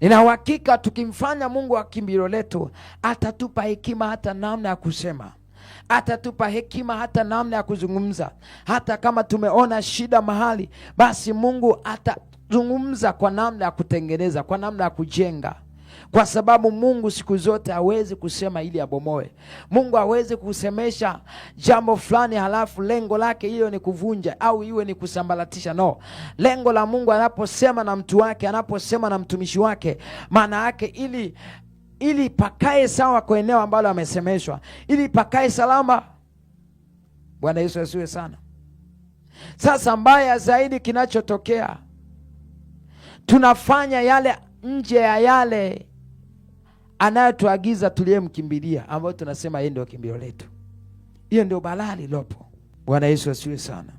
Nina uhakika tukimfanya Mungu wa kimbilio letu, atatupa hekima hata namna ya kusema atatupa hekima hata namna ya kuzungumza. Hata kama tumeona shida mahali, basi Mungu atazungumza kwa namna ya kutengeneza, kwa namna ya kujenga kwa sababu Mungu siku zote hawezi kusema ili abomoe. Mungu hawezi kusemesha jambo fulani halafu lengo lake hiyo ni kuvunja au iwe ni kusambaratisha. No, lengo la Mungu anaposema na mtu wake, anaposema na mtumishi wake, maana yake ili ili pakae sawa kwa eneo ambalo amesemeshwa, ili pakae salama. Bwana Yesu asiwe sana. Sasa mbaya zaidi kinachotokea tunafanya yale nje ya yale anayotuagiza tuliyemkimbilia, ambayo tunasema yeye ndio kimbilio letu. Hiyo ndio balaa lilopo. Bwana Yesu asiwe sana.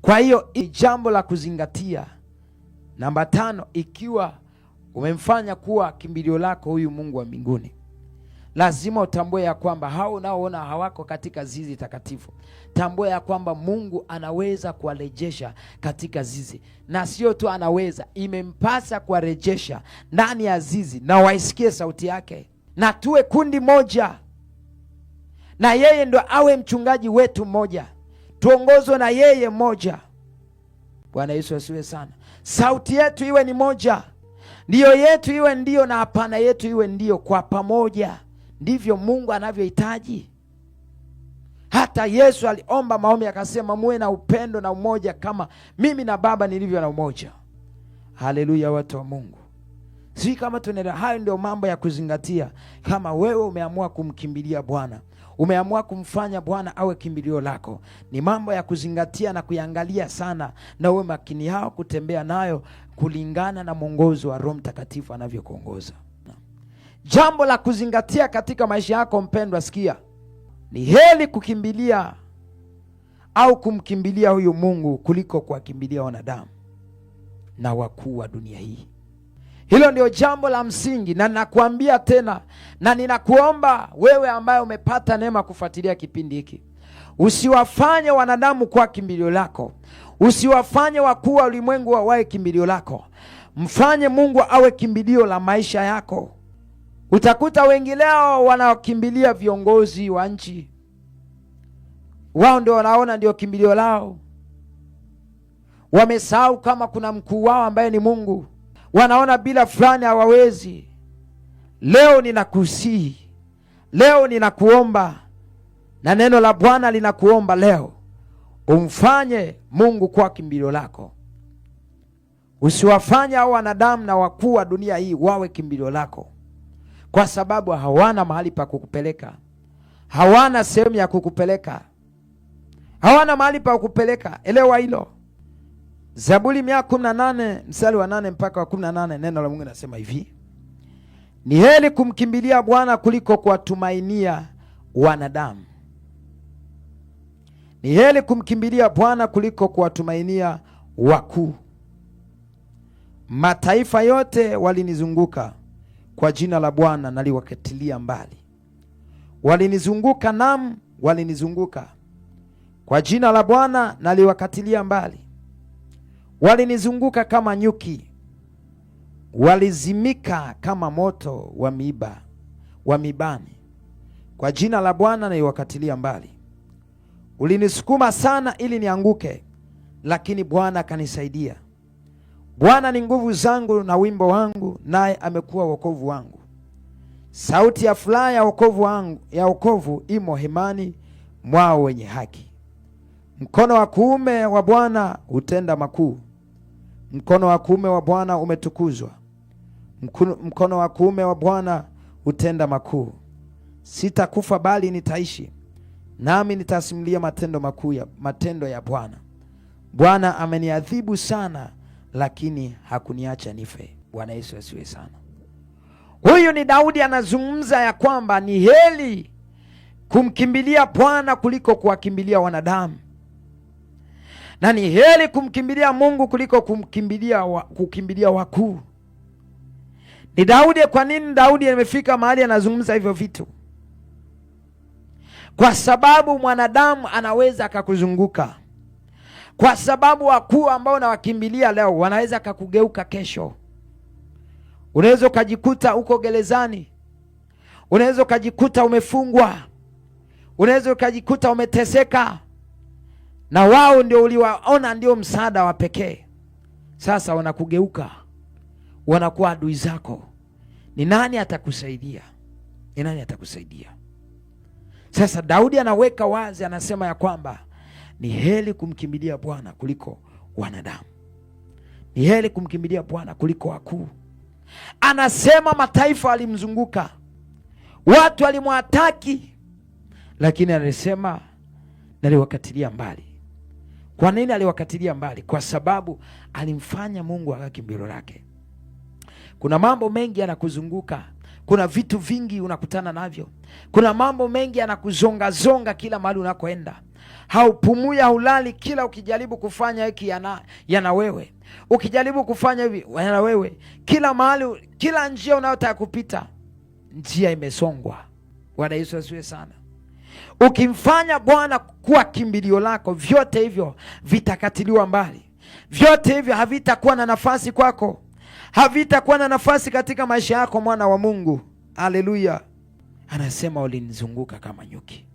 Kwa hiyo jambo la kuzingatia. Namba tano, ikiwa umemfanya kuwa kimbilio lako huyu Mungu wa mbinguni lazima utambue ya kwamba hao unaoona hawako katika zizi takatifu, tambua ya kwamba Mungu anaweza kuwarejesha katika zizi, na sio tu anaweza, imempasa kuwarejesha ndani ya zizi, na waisikie sauti yake, na tuwe kundi moja, na yeye ndo awe mchungaji wetu mmoja, tuongozwe na yeye moja. Bwana Yesu asiwe sana. Sauti yetu iwe ni moja, ndiyo yetu iwe ndiyo, na hapana yetu iwe ndiyo, kwa pamoja ndivyo Mungu anavyohitaji. Hata Yesu aliomba maombi akasema, muwe na upendo na umoja kama mimi na Baba nilivyo na umoja. Haleluya, watu wa Mungu. sii kama tunaelewa. Hayo ndio mambo ya kuzingatia kama wewe umeamua kumkimbilia Bwana, umeamua kumfanya Bwana awe kimbilio lako. Ni mambo ya kuzingatia na kuyangalia sana, na uwe makini yao kutembea nayo kulingana na mwongozo wa Roho Mtakatifu anavyokuongoza. Jambo la kuzingatia katika maisha yako mpendwa, sikia, ni heli kukimbilia au kumkimbilia huyu Mungu kuliko kuwakimbilia wanadamu na wakuu wa dunia hii. Hilo ndio jambo la msingi, na ninakuambia tena na ninakuomba wewe ambaye umepata neema kufuatilia kipindi hiki, usiwafanye wanadamu kuwa kimbilio lako, usiwafanye wakuu wa ulimwengu wawae kimbilio lako. Mfanye Mungu awe kimbilio la maisha yako. Utakuta wengi leo wanakimbilia viongozi wa nchi, wao ndio wanaona ndio kimbilio lao. Wamesahau kama kuna mkuu wao ambaye ni Mungu, wanaona bila fulani hawawezi. Leo ninakusihi, leo ninakuomba, na neno la Bwana linakuomba leo umfanye Mungu kuwa kimbilio lako. Usiwafanye hao wanadamu na wakuu wa dunia hii wawe kimbilio lako kwa sababu hawana mahali pa kukupeleka, hawana sehemu ya kukupeleka, hawana mahali pa kukupeleka. Elewa hilo. Zaburi mia kumi na nane mstari wa nane mpaka wa kumi na nane neno la Mungu linasema hivi: ni heri kumkimbilia Bwana kuliko kuwatumainia wanadamu. Ni heri kumkimbilia Bwana kuliko kuwatumainia wakuu. Mataifa yote walinizunguka kwa jina la Bwana naliwakatilia mbali. Walinizunguka, nam walinizunguka, kwa jina la Bwana naliwakatilia mbali. Walinizunguka kama nyuki, walizimika kama moto wa miiba wa mibani, kwa jina la Bwana naliwakatilia mbali. Ulinisukuma sana ili nianguke, lakini Bwana akanisaidia. Bwana ni nguvu zangu na wimbo wangu, naye amekuwa wokovu wangu. Sauti ya furaha ya wokovu wangu, ya wokovu imo hemani mwao wenye haki. Mkono wa kuume wa Bwana hutenda makuu, mkono wa kuume wa Bwana umetukuzwa, mkono wa kuume wa Bwana hutenda makuu. Sitakufa bali nitaishi, nami nitasimulia matendo makuu ya matendo ya Bwana. Bwana ameniadhibu sana lakini hakuniacha nife. Bwana Yesu asiwe sana. Huyu ni Daudi anazungumza ya kwamba ni heli kumkimbilia Bwana kuliko kuwakimbilia wanadamu, na ni heli kumkimbilia Mungu kuliko kumkimbilia wa, kukimbilia wakuu. Ni Daudi. Kwa nini Daudi amefika mahali anazungumza hivyo vitu? Kwa sababu mwanadamu anaweza akakuzunguka kwa sababu wakuu ambao unawakimbilia leo wanaweza kakugeuka kesho. Unaweza ukajikuta uko gerezani, unaweza ukajikuta umefungwa, unaweza ukajikuta umeteseka, na wao ndio uliwaona ndio msaada wa pekee. Sasa wanakugeuka, wanakuwa adui zako. Ni nani atakusaidia? Ni nani atakusaidia? Sasa Daudi anaweka wazi, anasema ya kwamba ni heri kumkimbilia Bwana kuliko wanadamu, ni heri kumkimbilia Bwana kuliko wakuu. Anasema mataifa alimzunguka, watu alimwataki, lakini alisema naliwakatilia mbali. Kwa nini aliwakatilia mbali? Kwa sababu alimfanya Mungu akawe kimbilio lake. Kuna mambo mengi yanakuzunguka, kuna vitu vingi unakutana navyo, kuna mambo mengi yanakuzongazonga kila mahali unakoenda haupumui, haulali, kila ukijaribu kufanya hiki yana, yana wewe, ukijaribu kufanya hivi yana wewe, kila mahali, kila njia unayotaka kupita njia imesongwa. Bwana Yesu asiwe sana. Ukimfanya Bwana kuwa kimbilio lako, vyote hivyo vitakatiliwa mbali, vyote hivyo havitakuwa na nafasi kwako, havitakuwa na nafasi katika maisha yako, mwana wa Mungu. Haleluya! Anasema ulinizunguka kama nyuki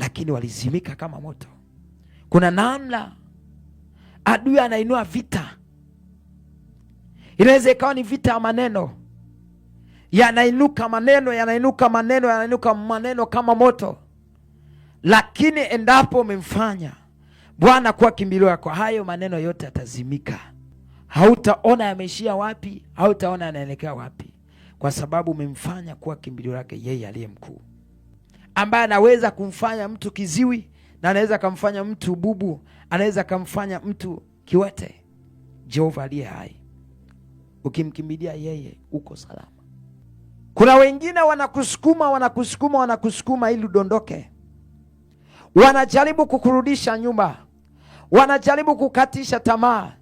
lakini walizimika kama moto. Kuna namna adui anainua vita, inaweza ikawa ni vita ya maneno, yanainuka maneno, yanainuka maneno, yanainuka maneno kama moto, lakini endapo umemfanya Bwana kuwa kimbilio yako, hayo maneno yote yatazimika. Hautaona yameishia wapi, hautaona yanaelekea wapi, kwa sababu umemfanya kuwa kimbilio lake, yeye aliye mkuu ambaye anaweza kumfanya mtu kiziwi na anaweza akamfanya mtu bubu, anaweza akamfanya mtu kiwete. Jehova aliye hai, ukimkimbilia yeye uko salama. Kuna wengine wanakusukuma wanakusukuma wanakusukuma ili udondoke, wanajaribu kukurudisha nyuma, wanajaribu kukatisha tamaa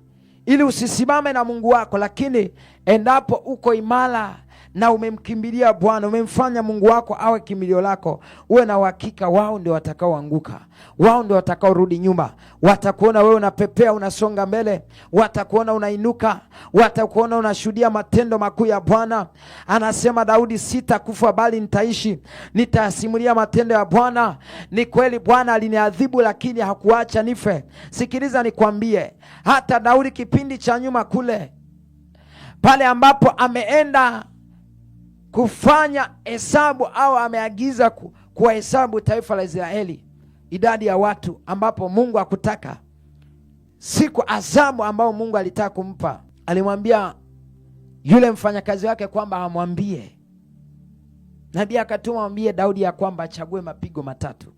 ili usisimame na Mungu wako, lakini Endapo uko imara na umemkimbilia Bwana, umemfanya Mungu wako awe kimbilio lako, uwe na uhakika wao ndio watakaoanguka, wao ndio watakaorudi nyuma. Watakuona wewe unapepea, unasonga mbele, watakuona unainuka, watakuona unashuhudia matendo makuu ya Bwana. Anasema Daudi, sitakufa bali nitaishi, nitasimulia matendo ya Bwana. Ni kweli Bwana aliniadhibu, lakini hakuacha nife. Sikiliza nikwambie, hata Daudi kipindi cha nyuma kule pale ambapo ameenda kufanya hesabu au ameagiza kuwahesabu taifa la Israeli, idadi ya watu, ambapo Mungu hakutaka. Siku adhabu ambayo Mungu alitaka kumpa, alimwambia yule mfanyakazi wake kwamba amwambie nabii akatuma amwambie Daudi ya kwamba achague mapigo matatu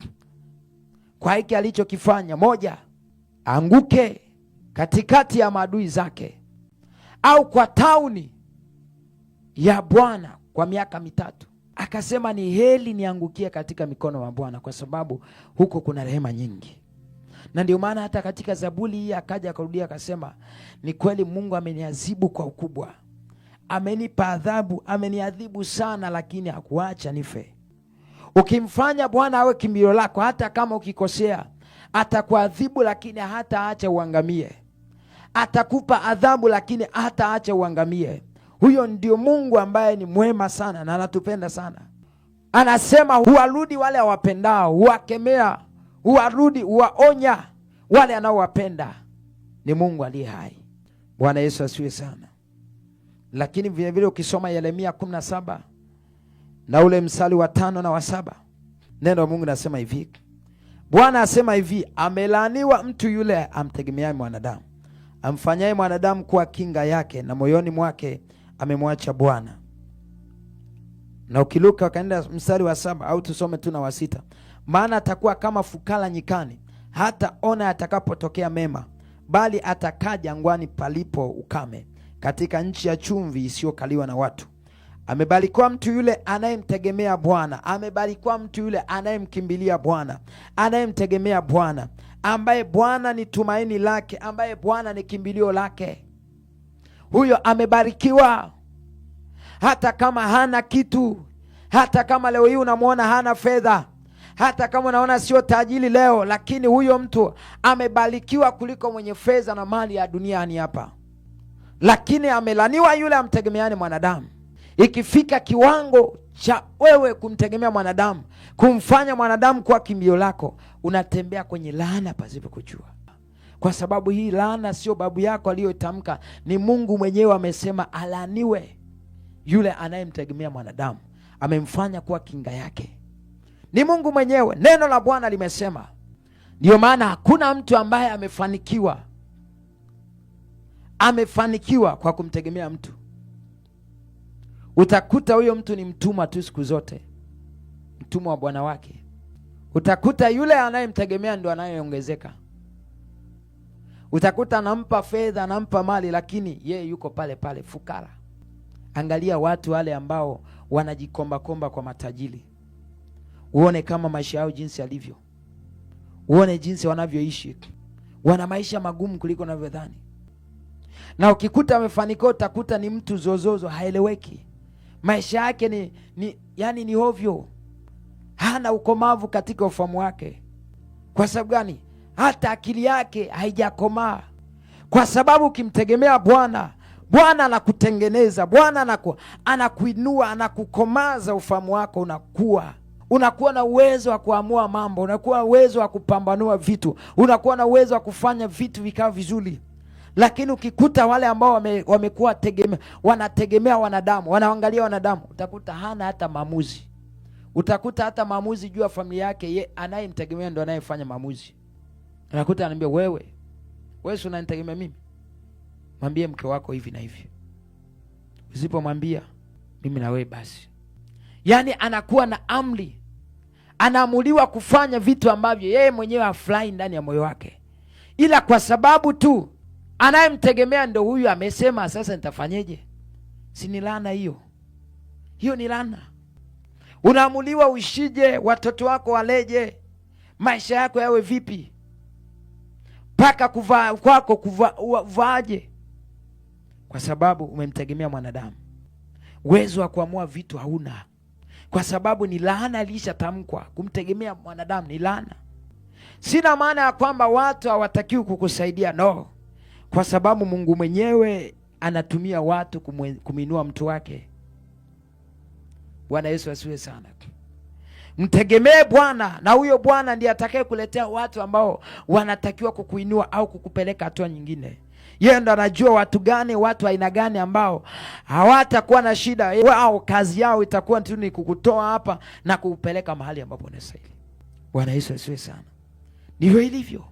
kwa hiki alichokifanya: moja, anguke katikati ya maadui zake au kwa tauni ya Bwana kwa miaka mitatu. Akasema ni heli niangukie katika mikono wa Bwana, kwa sababu huko kuna rehema nyingi. Na ndio maana hata katika Zaburi hii akaja akarudia akasema, ni kweli Mungu ameniadhibu kwa ukubwa, amenipa adhabu, ameniadhibu sana, lakini hakuacha nife. Ukimfanya Bwana awe kimbilio lako, hata kama ukikosea atakuadhibu, lakini hata acha uangamie atakupa adhabu, lakini hataacha uangamie. Huyo ndio Mungu ambaye ni mwema sana na anatupenda sana. Anasema huwarudi wale awapendao, huwakemea, huwarudi, huwaonya wale anaowapenda. Ni Mungu aliye hai. Bwana Yesu asiwe sana. Lakini vilevile ukisoma Yeremia kumi na saba na ule msali wa tano na wa saba neno la Mungu nasema hivi, Bwana asema hivi, amelaaniwa mtu yule amtegemeaye mwanadamu amfanyaye mwanadamu kuwa kinga yake, na moyoni mwake amemwacha Bwana. Na ukiluka akaenda mstari wa saba au tusome tu na wa sita, maana atakuwa kama fukala nyikani, hata ona atakapotokea mema, bali atakaa jangwani palipo ukame, katika nchi ya chumvi isiyokaliwa na watu. Amebarikiwa mtu yule anayemtegemea Bwana, amebarikiwa mtu yule anayemkimbilia Bwana, anayemtegemea Bwana ambaye Bwana ni tumaini lake, ambaye Bwana ni kimbilio lake, huyo amebarikiwa. Hata kama hana kitu, hata kama leo hii unamwona hana fedha, hata kama unaona sio tajiri leo, lakini huyo mtu amebarikiwa kuliko mwenye fedha na mali ya duniani hapa. Lakini amelaniwa yule amtegemeani mwanadamu. Ikifika kiwango cha wewe kumtegemea mwanadamu, kumfanya mwanadamu kuwa kimbio lako, unatembea kwenye laana pasipo kujua, kwa sababu hii laana sio babu yako aliyotamka, ni Mungu mwenyewe amesema, alaaniwe yule anayemtegemea mwanadamu, amemfanya kuwa kinga yake. Ni Mungu mwenyewe, neno la Bwana limesema. Ndiyo maana hakuna mtu ambaye amefanikiwa amefanikiwa kwa kumtegemea mtu. Utakuta huyo mtu ni mtumwa tu siku zote, mtumwa wa bwana wake. Utakuta yule anayemtegemea ndo anayeongezeka. Utakuta anampa fedha, anampa mali, lakini ye yuko pale pale fukara. Angalia watu wale ambao wanajikombakomba kwa matajiri, uone kama maisha yao jinsi yalivyo, uone jinsi wanavyoishi. Wana maisha magumu kuliko unavyodhani, na ukikuta amefanikiwa utakuta ni mtu zozozo, haeleweki maisha yake ni, ni yani ni ovyo, hana ukomavu katika ufahamu wake. Kwa sababu gani? Hata akili yake haijakomaa, kwa sababu ukimtegemea Bwana, Bwana anakutengeneza, Bwana anaku, anakuinua, anakukomaza ufahamu wako, unakuwa unakuwa na uwezo wa kuamua mambo, unakuwa na uwezo wa kupambanua vitu, unakuwa na uwezo wa kufanya vitu vikawa vizuri. Lakini ukikuta wale ambao wamekuwa tegeme, wanategemea wanadamu, wanaangalia wanadamu, utakuta hana hata maamuzi, utakuta hata maamuzi juu ya familia yake, ye anayemtegemea ndo anayefanya maamuzi. Anakuta ananiambia wewe, wewe si unanitegemea mimi, mwambie mke wako hivi na hivi, usipomwambia mimi na wewe basi. Yaani anakuwa na amri, anaamuliwa kufanya vitu ambavyo yeye mwenyewe afurahi ndani ya moyo wake, ila kwa sababu tu anayemtegemea ndo huyu amesema, sasa nitafanyeje? Si ni lana hiyo? Hiyo ni lana Unaamuliwa uishije, watoto wako waleje, maisha yako yawe vipi, mpaka kuvaa kwako kuvaaje, kwa sababu umemtegemea mwanadamu. Uwezo wa kuamua vitu hauna, kwa sababu ni laana ilishatamkwa. Kumtegemea mwanadamu ni laana. Sina maana ya kwamba watu hawatakiwi kukusaidia, no kwa sababu Mungu mwenyewe anatumia watu kumwinua mtu wake. Bwana Yesu asiwe sana. Mtegemee Bwana na huyo Bwana ndiye atakaye kuletea watu ambao wanatakiwa kukuinua au kukupeleka hatua nyingine. Yeye ndo anajua watu gani, watu aina gani ambao hawatakuwa na shida. Wao kazi yao itakuwa tu ni kukutoa hapa na kukupeleka mahali ambapo unastahili. Bwana Yesu asiwe sana. Ndivyo ilivyo.